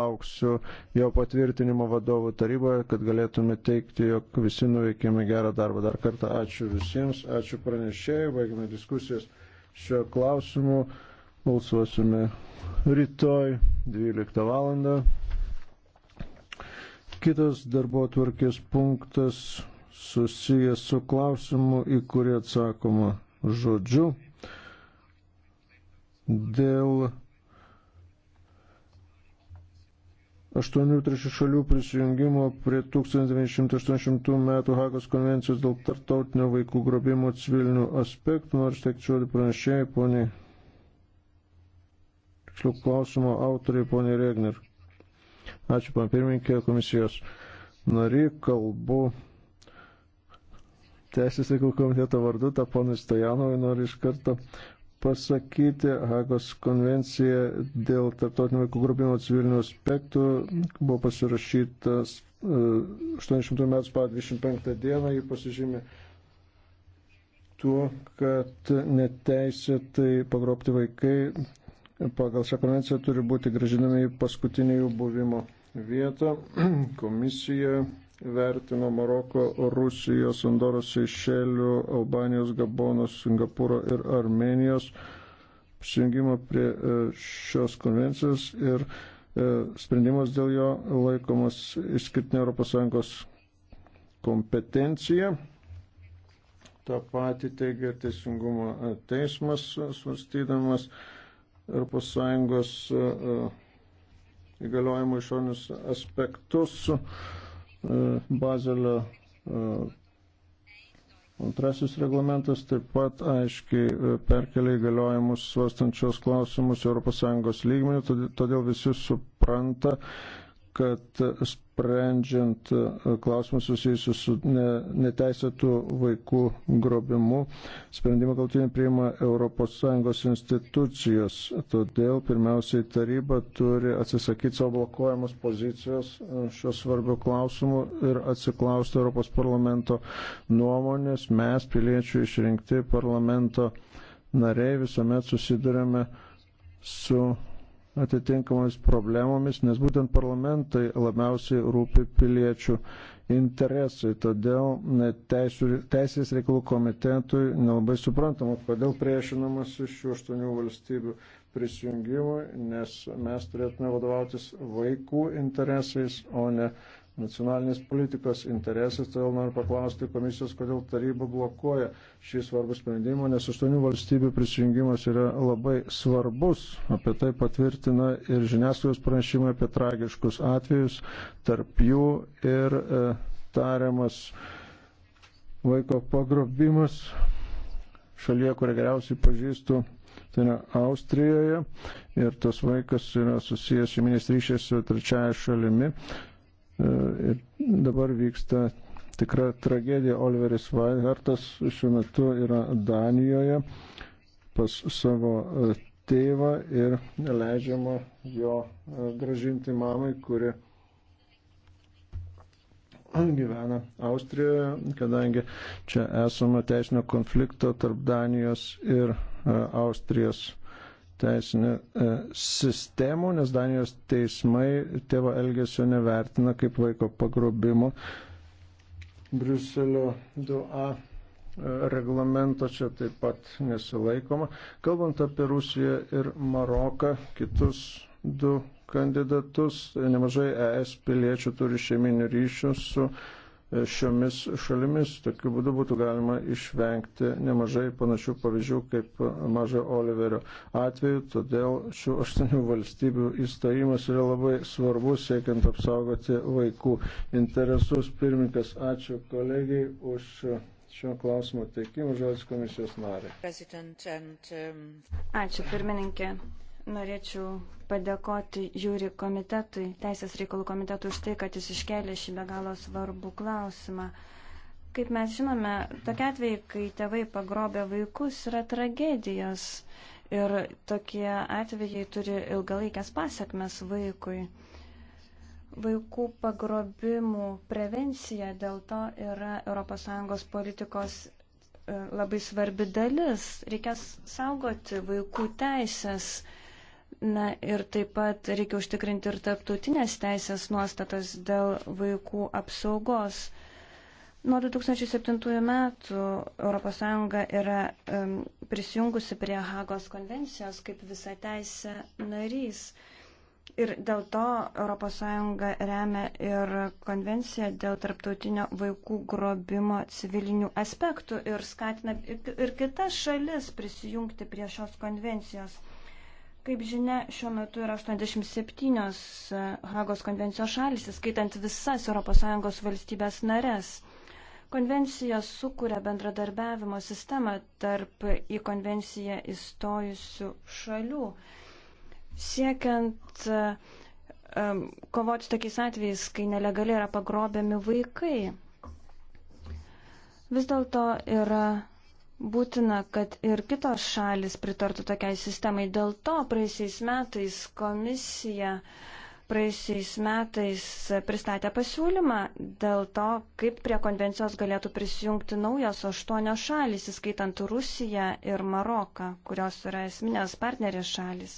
lauksiu jo patvirtinimo vadovų taryboje, kad galėtume teikti, jog visi nuveikėme gerą darbą. Dar kartą ačiū visiems, ačiū pranešėjai, baigime diskusijas šio klausimu. Balsuosime rytoj 12 val. Kitas darbo tvarkės punktas susijęs su klausimu, į kurį atsakoma žodžiu. Dėl aštuonių trečių šalių prisijungimo prie 1980 metų Hagos konvencijos dėl tartautinio vaikų grobimo civilinių aspektų. Nors tiek čiūdį pranešėjai, poniai, tiksliau klausimo autoriai, poniai Regner. Ačiū, pan pirmininkė, komisijos nari, kalbu. Teisės reikalų komiteto vardu, tą ponui Stojanovui noriu iš karto pasakyti. Hagos konvencija dėl tarptautinio vaikų grupimo civilinių aspektų buvo pasirašytas e, 80 metų spalio 25 dieną. Jį pasižymė tuo, kad neteisėtai pagrobti vaikai pagal šią konvenciją turi būti gražinami į paskutinį jų buvimo vietą. Komisija vertino Maroko, Rusijos, Andoros, Seišelių, Albanijos, Gabonos, Singapūro ir Armenijos prisijungimo prie e, šios konvencijos ir e, sprendimas dėl jo laikomas išskirtinė ES kompetencija. Ta pati teigia ir teisingumo teismas, svarstydamas ES e, įgaliojimo išorinius aspektus. Uh, E, Bazelio e, antrasis reglamentas taip pat aiškiai e, perkelia įgaliojimus svarstančios klausimus ES lygmenių, todėl visi supranta, kad sprendžiant e, klausimus susijusius su neteisėtų vaikų grobimu. Sprendimą galtinį priima ES institucijos. Todėl pirmiausiai taryba turi atsisakyti savo blokuojamos pozicijos e, šio svarbių klausimų ir atsiklausti Europos parlamento nuomonės. Mes, piliečių išrinkti parlamento nariai, visuomet susidurėme su atitinkamomis problemomis, nes būtent parlamentai labiausiai rūpi piliečių interesai. Todėl teisų, Teisės reikalų komitetui nelabai suprantama, kodėl priešinamas šių aštuonių valstybių prisijungimui, nes mes turėtume vadovautis vaikų interesais, o ne nacionalinės politikos interesas, todėl noriu paklausti komisijos, kodėl taryba blokuoja šį svarbų sprendimą, nes aštuonių valstybių prisijungimas yra labai svarbus. Apie tai patvirtina ir žiniasklaidos pranešimai apie tragiškus atvejus, tarp jų ir e, tariamas vaiko pagrobimas šalyje, kurią geriausiai pažįstu, tai yra Austrijoje, ir tas vaikas yra susijęs šeiminės ryšiais su trečiaja šalimi, E, ir dabar vyksta tikra tragedija. Oliveris Vaihartas šiuo metu yra Danijoje pas savo e, tėvą ir leidžiama jo e, gražinti mamai, kuri gyvena Austrijoje, kadangi čia esama teisinio konflikto tarp Danijos ir Austrijos teisinę e, sistemą, nes Danijos teismai tėvo elgesio nevertina kaip vaiko pagrobimo. Briuselio 2A e, reglamento čia taip pat nesilaikoma. Kalbant apie Rusiją ir Maroką, kitus du kandidatus, nemažai ES piliečių turi šeiminių ryšių su šiomis šalimis. Tokiu būdu būtų galima išvengti nemažai panašių pavyzdžių kaip mažo Oliverio atveju, todėl šių aštuonių valstybių įstojimas yra labai svarbus, siekiant apsaugoti vaikų interesus. Pirmininkas, ačiū kolegijai už šio klausimo teikimą žodis komisijos nariai. Um, ačiū pirmininkė. Norėčiau padėkoti Jūri komitetui, Teisės reikalų komitetui už tai, kad jis iškelė šį be galo svarbų klausimą. Kaip mes žinome, tokia atvejai, kai tėvai pagrobė vaikus, yra tragedijos. Ir tokie atvejai turi ilgalaikės pasiekmes vaikui. Vaikų pagrobimų prevencija dėl to yra ES politikos e, labai svarbi dalis. Reikės saugoti vaikų teisės Na ir taip pat reikia užtikrinti ir tarptautinės teisės nuostatas dėl vaikų apsaugos. Nuo 2007 metų ES yra um, prisijungusi prie Hagos konvencijos kaip visa teisė narys. Ir dėl to ES remia ir konvenciją dėl tarptautinio vaikų grobimo civilinių aspektų ir skatina ir kitas šalis prisijungti prie šios konvencijos. Kaip žinia, šiuo metu yra 87 e, Hagos konvencijos šalis, įskaitant visas ES valstybės narės. Konvencija sukuria bendradarbiavimo sistemą tarp į konvenciją įstojusių šalių, siekiant um, kovoti tokiais atvejais, kai nelegaliai yra pagrobiami vaikai. Vis dėlto yra Būtina, kad ir kitos šalis pritartų tokiai sistemai. Dėl to praeisiais metais komisija praeisiais metais pristatė pasiūlymą dėl to, kaip prie konvencijos galėtų prisijungti naujos aštuonios šalis, įskaitant Rusiją ir Maroką, kurios yra esminės partnerės šalis.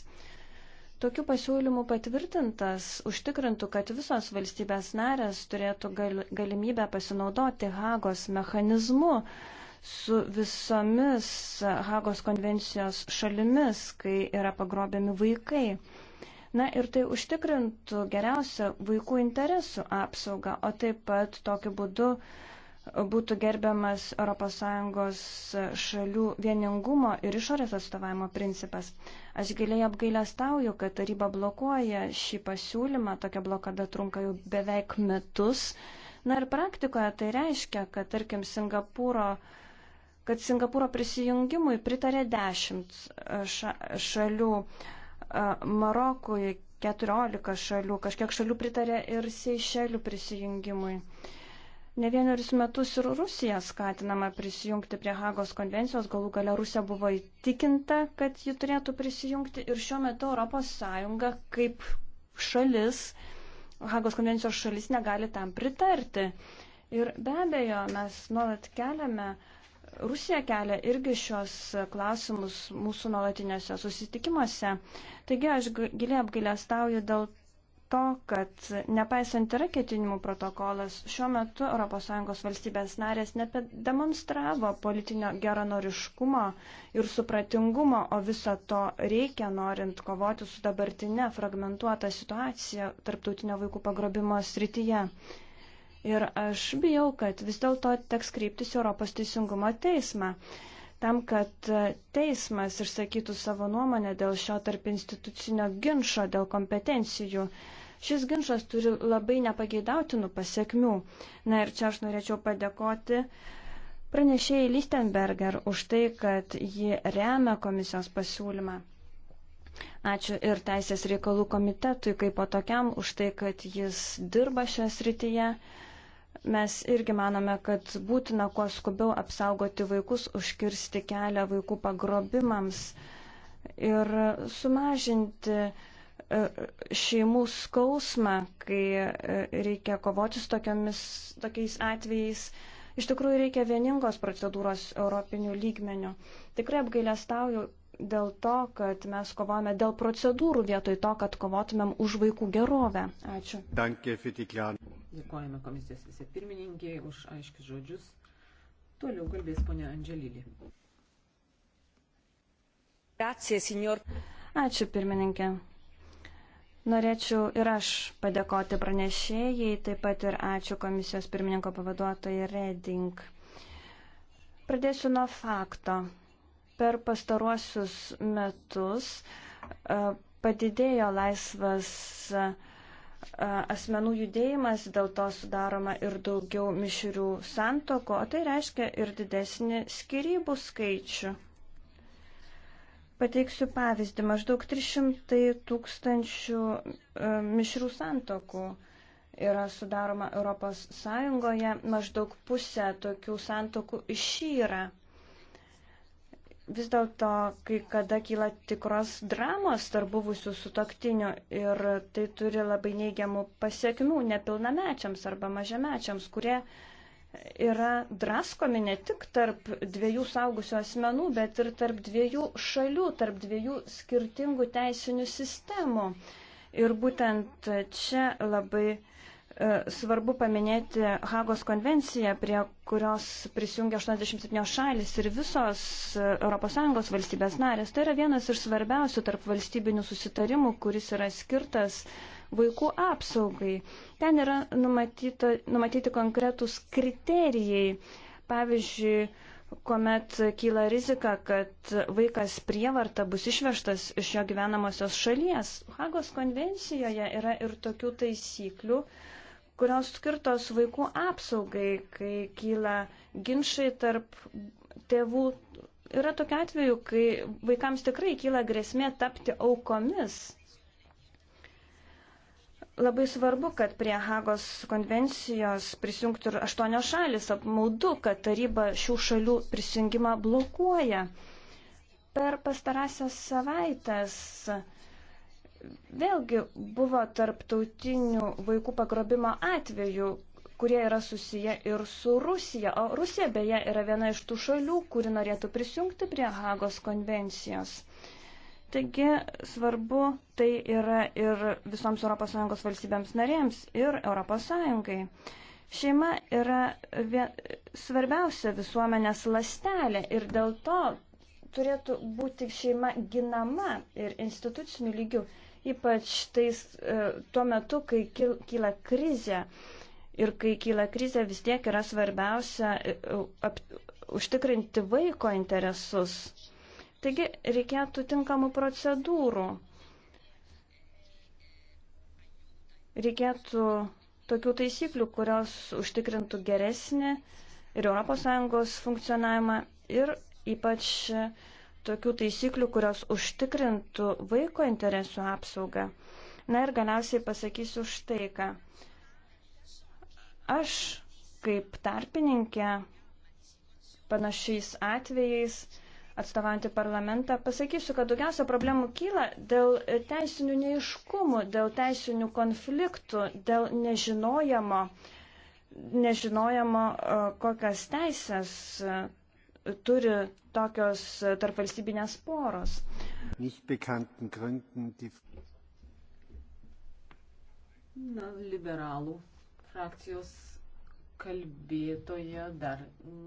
Tokių pasiūlymų patvirtintas užtikrintų, kad visos valstybės narės turėtų gal, galimybę pasinaudoti Hagos mechanizmu su visomis Hagos konvencijos šalimis, kai yra pagrobiami vaikai. Na ir tai užtikrintų geriausią vaikų interesų apsaugą, o taip pat tokiu būdu būtų gerbiamas ES šalių vieningumo ir išorės atstovavimo principas. Aš giliai apgailestauju, kad taryba blokuoja šį pasiūlymą, tokia blokada trunka jau beveik metus. Na ir praktikoje tai reiškia, kad tarkim Singapūro uh, kad Singapūro prisijungimui pritarė 10 e, šalių, e, Marokui 14 šalių, kažkiek šalių pritarė ir Seišelių prisijungimui. Ne vienerius metus ir Rusija skatinama prisijungti prie Hagos konvencijos, galų gale Rusija buvo įtikinta, kad ji turėtų prisijungti ir šiuo metu ES kaip šalis, Hagos konvencijos šalis negali tam pritarti. Ir be abejo, mes nuolat keliame uh, Rusija kelia irgi šios klausimus mūsų nuolatiniuose susitikimuose. Taigi aš giliai apgailestauju dėl to, kad nepaisant yra ketinimų protokolas, šiuo metu ES valstybės narės nedemonstravo politinio geranoriškumo ir supratingumo, o viso to reikia norint kovoti su dabartinė fragmentuota situacija tarptautinio vaikų pagrobimo srityje. Ir aš bijau, kad vis dėlto teks kreiptis Europos teisingumo teismą. Tam, kad e, teismas išsakytų savo nuomonę dėl šio tarp institucinio ginčio, dėl kompetencijų, šis ginčas turi labai nepageidautinų pasiekmių. Na ir čia aš norėčiau padėkoti pranešėjai Lichtenberger už tai, kad ji remia komisijos pasiūlymą. Ačiū ir Teisės reikalų komitetui kaip po tokiam už tai, kad jis dirba šioje srityje. Mes irgi manome, kad būtina kuo skubiau apsaugoti vaikus, užkirsti kelią vaikų pagrobimams ir sumažinti e, šeimų skausmą, kai e, reikia kovoti su tokiamis, tokiais atvejais. Iš tikrųjų reikia vieningos procedūros europinių lygmenių. Tikrai apgailestauju, dėl to, kad mes kovojame dėl procedūrų vietoj to, kad kovotumėm už vaikų gerovę. Ačiū. Dėkojame komisijos vicepirmininkiai už aiškius žodžius. Toliau kalbės ponia Andželylė. Ačiū pirmininkė. Norėčiau ir aš padėkoti pranešėjai, taip pat ir ačiū komisijos pirmininko pavaduotojai Reding. Pradėsiu nuo fakto. Per pastaruosius metus e, padidėjo laisvas e, asmenų judėjimas, dėl to sudaroma ir daugiau mišrių santoko, o tai reiškia ir didesnį skirybų skaičių. Pateiksiu pavyzdį, maždaug 300 tūkstančių e, mišrių santokų yra sudaroma Europos Sąjungoje, maždaug pusė tokių santokų išyra. Iš vis dėlto kai kada kyla tikros dramos tarp buvusių sutoktinių ir tai turi labai neigiamų pasiekmių nepilnamečiams arba mažamečiams, kurie yra draskomi ne tik tarp dviejų saugusių asmenų, bet ir tarp dviejų šalių, tarp dviejų skirtingų teisinių sistemų. Ir būtent čia labai E, svarbu paminėti Hagos konvenciją, prie kurios prisijungia 87 šalis ir visos ES valstybės narės. Tai yra vienas iš svarbiausių tarp valstybinių susitarimų, kuris yra skirtas vaikų apsaugai. Ten yra numatyta, numatyti konkretūs kriterijai. Pavyzdžiui, kuomet kyla rizika, kad vaikas prievarta bus išvežtas iš jo gyvenamosios šalies. Hagos konvencijoje yra ir tokių taisyklių, kurios skirtos vaikų apsaugai, kai kyla ginčiai tarp tėvų. Yra tokia atveju, kai vaikams tikrai kyla grėsmė tapti aukomis. Labai svarbu, kad prie Hagos konvencijos prisijungtų ir aštuonios šalis. Apmaudu, kad taryba šių šalių prisijungimą blokuoja. Per pastarąsias savaitės uh, vėlgi buvo tarptautinių vaikų pagrobimo atvejų, kurie yra susiję ir su Rusija. O Rusija beje yra viena iš tų šalių, kuri norėtų prisijungti prie Hagos konvencijos. Taigi svarbu tai yra ir visoms ES valstybėms narėms ir ES. Šeima yra vien, svarbiausia visuomenės lastelė ir dėl to turėtų būti šeima ginama ir institucinių lygių ypač tais, e, tuo metu, kai kyla krizė. Ir kai kyla krizė, vis tiek yra svarbiausia e, e, ap, užtikrinti vaiko interesus. Taigi reikėtų tinkamų procedūrų. Reikėtų tokių taisyklių, kurios užtikrintų geresnį ir ES funkcionavimą ir ypač tokių taisyklių, kurios užtikrintų vaiko interesų apsaugą. Na ir galiausiai pasakysiu štai ką. Aš kaip tarpininkė panašiais atvejais atstovaujantį parlamentą pasakysiu, kad daugiausia problemų kyla dėl teisinių neiškumų, dėl teisinių konfliktų, dėl nežinojamo, nežinojamo kokias teisės turi tokios tarpvalstybinės poros. Na, liberalų frakcijos kalbėtoja dar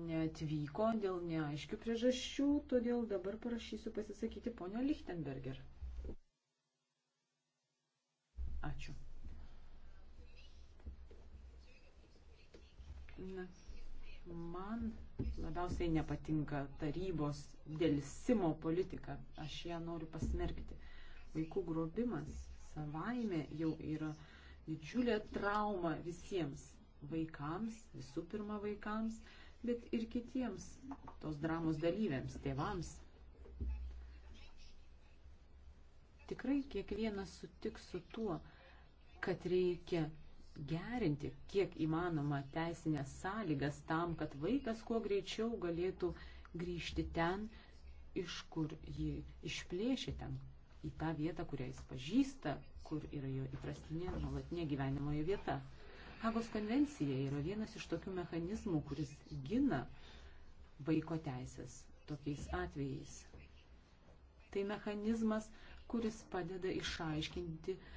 neatvyko dėl neaiškių priežasčių, todėl dabar parašysiu pasisakyti ponio Lichtenberger. Ačiū. Na, Man labiausiai nepatinka tarybos dėlsimo politika. Aš ją noriu pasmerkti. Vaikų grobimas savaime jau yra didžiulė trauma visiems vaikams, visų pirma vaikams, bet ir kitiems tos dramos dalyviams, tėvams. Tikrai kiekvienas sutiks su tuo, kad reikia gerinti kiek įmanoma teisinės sąlygas tam, kad vaikas kuo greičiau galėtų grįžti ten, iš kur jį išplėšė ten, į tą vietą, kurią jis pažįsta, kur yra jo įprastinė nuolatinė gyvenimoje vieta. Hagos konvencija yra vienas iš tokių mechanizmų, kuris gina vaiko teisės tokiais atvejais. Tai mechanizmas, kuris padeda išaiškinti uh,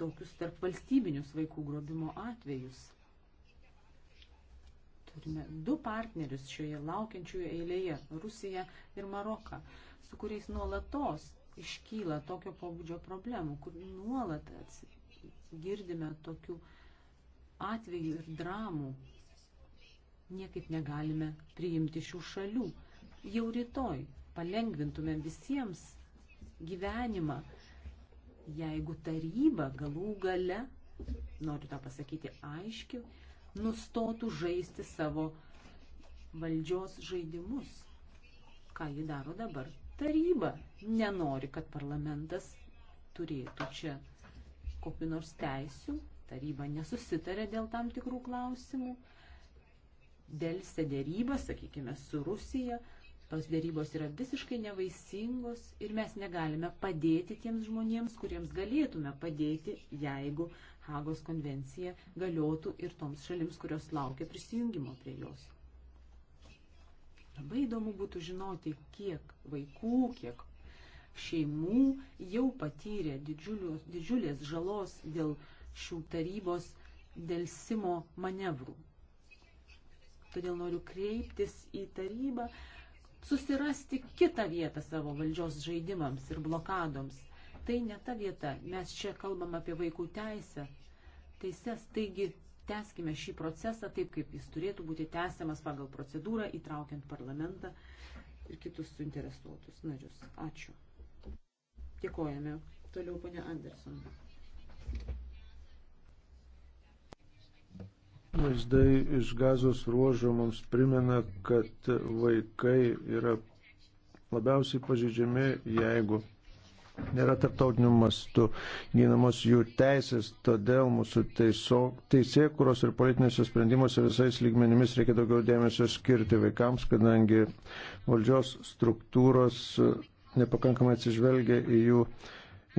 tokius tarp valstybinius vaikų grobimo atvejus. Turime du partnerius šioje laukiančioje eilėje - Rusiją ir Maroką, su kuriais nuolatos iškyla tokio pobūdžio problemų, kur nuolat girdime tokių atvejų ir dramų. Niekaip negalime priimti šių šalių. Jau rytoj palengvintume visiems gyvenimą, jeigu taryba galų gale, noriu tą pasakyti aiškiai, nustotų žaisti savo valdžios žaidimus. Ką ji daro dabar? Taryba nenori, kad parlamentas turėtų čia kokiu nors teisiu, taryba nesusitarė dėl tam tikrų klausimų, dėl sėdėrybą, sakykime, su Rusija, Tos dėrybos yra visiškai nevaisingos ir mes negalime padėti tiems žmonėms, kuriems galėtume padėti, jeigu Hagos konvencija galiotų ir toms šalims, kurios laukia prisijungimo prie jos. Labai įdomu būtų žinoti, kiek vaikų, kiek šeimų jau patyrė didžiulios, didžiulės žalos dėl šių tarybos dėlsimo manevrų. Todėl noriu kreiptis į tarybą, susirasti kitą vietą savo valdžios žaidimams ir blokadoms. Tai ne ta vieta. Mes čia kalbam apie vaikų teisę. Teises, taigi tęskime šį procesą taip, kaip jis turėtų būti tęsiamas pagal procedūrą, įtraukiant parlamentą ir kitus suinteresuotus narius. Ačiū. Dėkojame. Toliau, ponė Anderson. Vaizdai iš gazos ruožo mums primena, kad vaikai yra labiausiai pažydžiami, jeigu nėra tarptautinių mastų gynamos jų teisės, todėl mūsų teiso, teisėkuros ir politinėse sprendimuose visais lygmenimis reikia daugiau dėmesio skirti vaikams, kadangi valdžios struktūros nepakankamai atsižvelgia į jų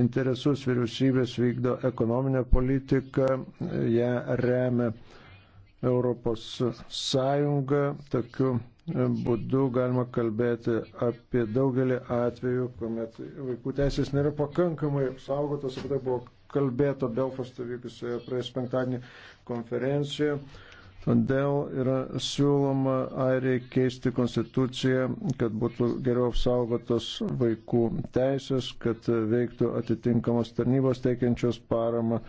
interesus, vyriausybės vykdo ekonominę politiką, ją remia Europos Sąjungą. Tokiu e, būdu galima kalbėti apie daugelį atvejų, kuomet vaikų teisės nėra pakankamai apsaugotos, apie tai buvo kalbėta Belfasto vykusioje praėjus penktadienį konferencijoje. Todėl yra siūloma airiai keisti konstituciją, kad būtų geriau apsaugotos vaikų teisės, kad veiktų atitinkamos tarnybos teikiančios paramą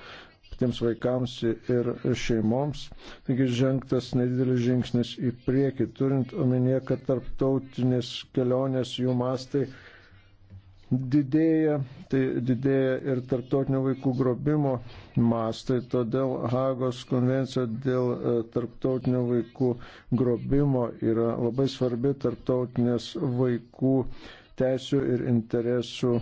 tiems vaikams ir šeimoms. Taigi žengtas nedidelis žingsnis į priekį, turint omenyje, kad tarptautinės kelionės jų mastai didėja, tai didėja ir tarptautinio vaikų grobimo mastai, todėl Hagos konvencija dėl e, tarptautinio vaikų grobimo yra labai svarbi tarptautinės vaikų teisų ir interesų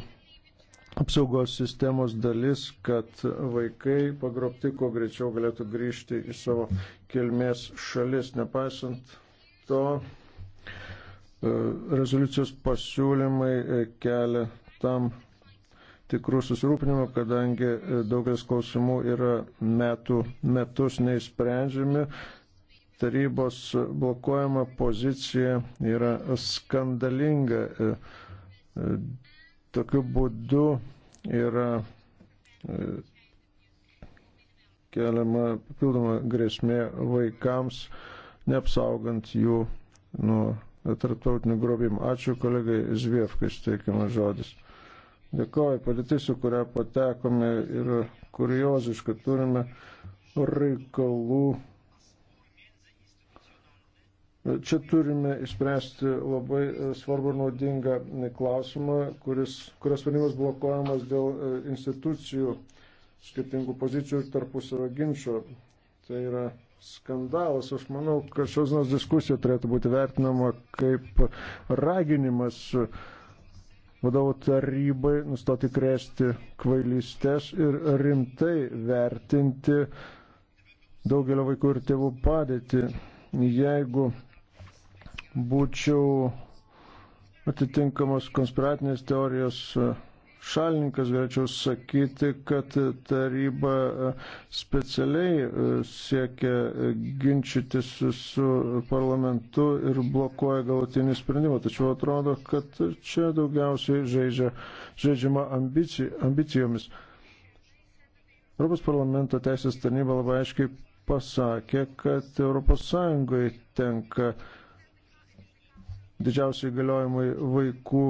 apsaugos sistemos dalis, kad vaikai pagrobti kuo greičiau galėtų grįžti į savo kilmės šalis. Nepaisant to, e, rezoliucijos pasiūlymai e, kelia tam tikrų susirūpinimų, kadangi e, daugelis klausimų yra metų, metus neįsprendžiami. Tarybos blokuojama pozicija yra skandalinga Tokiu būdu yra e, keliama papildoma grėsmė vaikams, neapsaugant jų nuo tarptautinių grobimų. Ačiū kolegai Zviefkai, steikiamas žodis. Dėkoju, padėtis, su kuria patekome, yra kurioziška. Turime reikalų Čia turime išspręsti labai e, svarbu ir naudingą e, klausimą, kuris, kurios sprendimas blokuojamas dėl e, institucijų skirtingų pozicijų ir tarpusavio ginčio. Tai yra skandalas. Aš manau, kad šios dienos diskusija turėtų būti vertinama kaip raginimas vadovų tarybai nustoti krėsti kvailystės ir rimtai vertinti daugelio vaikų ir tėvų padėtį. Jeigu būčiau atitinkamos konspiratinės teorijos e, šalininkas, galėčiau sakyti, kad taryba e, specialiai e, siekia ginčytis su parlamentu ir blokuoja galutinį sprendimą. Tačiau atrodo, kad čia daugiausiai žaidžia, žaidžiama ambici, ambicijomis. Europos parlamento teisės tarnyba labai aiškiai pasakė, kad ES tenka didžiausiai galiojimai vaikų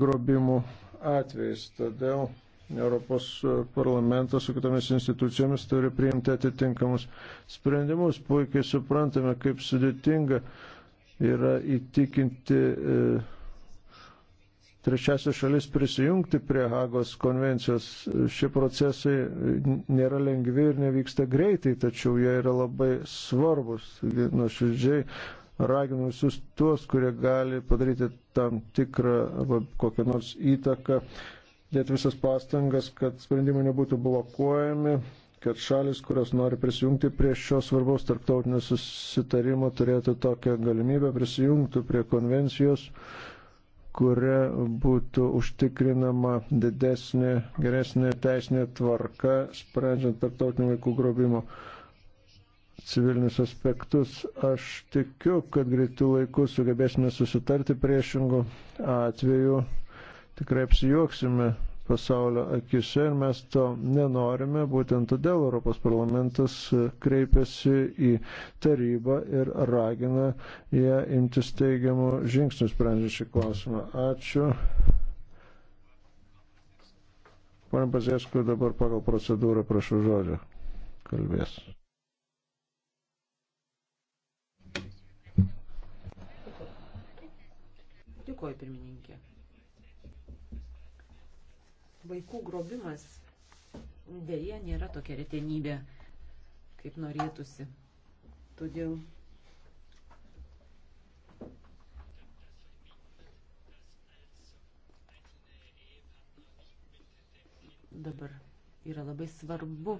grobimų atvejais. Todėl Europos parlamentas su kitomis institucijomis turi priimti atitinkamus sprendimus. Puikiai suprantame, kaip sudėtinga yra įtikinti e, trečiasias šalis prisijungti prie Hagos konvencijos. Šie procesai nėra lengvi ir nevyksta greitai, tačiau jie yra labai svarbus. Nuoširdžiai raginu visus tuos, kurie gali padaryti tam tikrą arba kokią nors įtaką, dėti visas pastangas, kad sprendimai nebūtų blokuojami, kad šalis, kurios nori prisijungti prie šio svarbaus tarptautinio susitarimo, turėtų tokią galimybę prisijungti prie konvencijos kuria būtų užtikrinama didesnė, geresnė teisinė tvarka, sprendžiant tarptautinio vaikų grobimo civilinius aspektus. Aš tikiu, kad greitų laikų sugebėsime susitarti priešingų atveju. Tikrai apsijuoksime pasaulio akise ir mes to nenorime. Būtent todėl Europos parlamentas kreipiasi į tarybą ir ragina ją imtis teigiamų žingsnių sprendžiant šį klausimą. Ačiū. Pane Pazėskui, dabar pagal procedūrą prašau žodžio. Kalbės. Dėkuoju, pirmininkė. Vaikų grobimas dėje nėra tokia retenybė, kaip norėtųsi. Todėl dabar yra labai svarbu,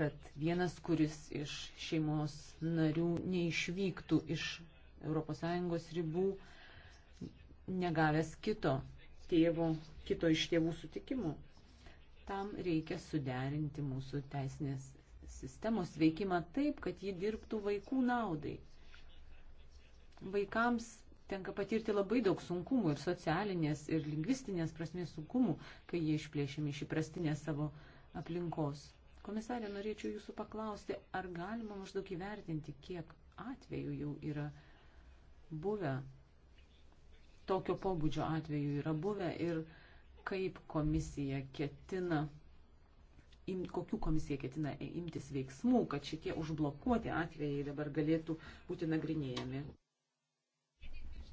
kad vienas, kuris iš šeimos narių neišvyktų iš ES ribų, negavęs kito tėvo, kito iš tėvų sutikimų. Tam reikia suderinti mūsų teisinės sistemos veikimą taip, kad ji dirbtų vaikų naudai. Vaikams tenka patirti labai daug sunkumų ir socialinės, ir lingvistinės prasmės sunkumų, kai jie išplėšiami iš įprastinės savo aplinkos. Komisarė, norėčiau jūsų paklausti, ar galima maždaug įvertinti, kiek atvejų jau yra buvę tokio pobūdžio atveju yra buvę ir kaip komisija ketina, im, kokių komisija ketina imtis veiksmų, kad šitie užblokuoti atvejai dabar galėtų būti nagrinėjami.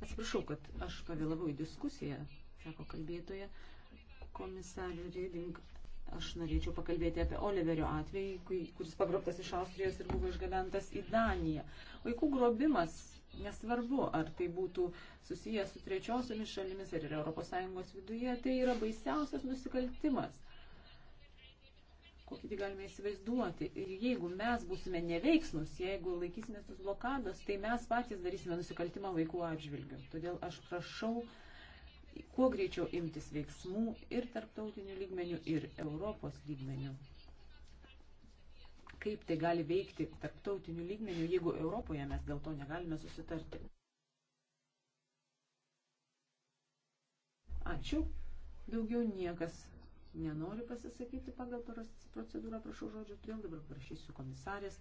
Atsiprašau, kad aš pavėlavau į diskusiją, sako kalbėtoja komisarė Reding. Aš norėčiau pakalbėti apie Oliverio atvejį, kuris pagrobtas iš Austrijos ir buvo išgabentas į Daniją. Vaikų grobimas Nesvarbu, ar tai būtų susijęs su trečiosiomis šalimis ar ir ES viduje, tai yra baisiausias nusikaltimas, kokį tai galime įsivaizduoti. Ir jeigu mes būsime neveiksnus, jeigu laikysime tos blokados, tai mes patys darysime nusikaltimą vaikų atžvilgiu. Todėl aš prašau kuo greičiau imtis veiksmų ir tarptautinių lygmenių, ir Europos lygmenių kaip tai gali veikti tarptautiniu lygmeniu, jeigu Europoje mes dėl to negalime susitarti. Ačiū. Daugiau niekas nenori pasisakyti pagal procedūrą, prašau žodžio, todėl dabar prašysiu komisarės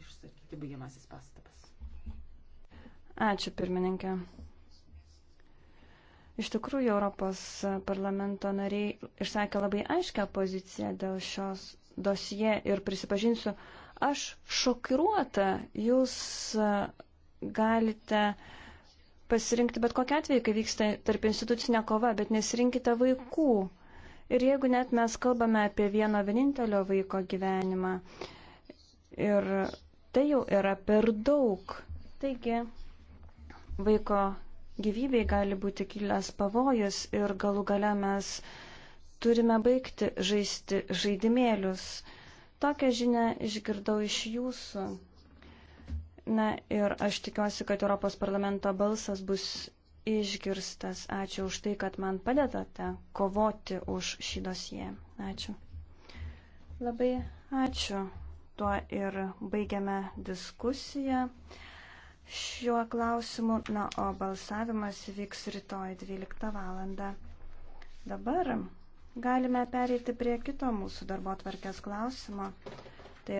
išsakyti baigiamasis pastabas. Ačiū pirmininkė. Iš tikrųjų, Europos parlamento nariai išsakė labai aiškę poziciją dėl šios dosie ir prisipažinsiu, aš šokiruota, jūs e, galite pasirinkti bet kokią atveju, kai vyksta tarp institucinė kova, bet nesirinkite vaikų. Ir jeigu net mes kalbame apie vieno vienintelio vaiko gyvenimą, ir tai jau yra per daug. Taigi, vaiko gyvybei gali būti kilęs pavojus ir galų gale mes uh, turime baigti žaisti žaidimėlius. Tokią žinę išgirdau iš jūsų. Na ir aš tikiuosi, kad Europos parlamento balsas bus išgirstas. Ačiū už tai, kad man padedate kovoti už šį dosiją. Ačiū. Labai ačiū. Tuo ir baigiame diskusiją šiuo klausimu, na, o balsavimas vyks rytoj 12 val. Dabar Galime pereiti prie kito mūsų darbo tvarkės klausimo.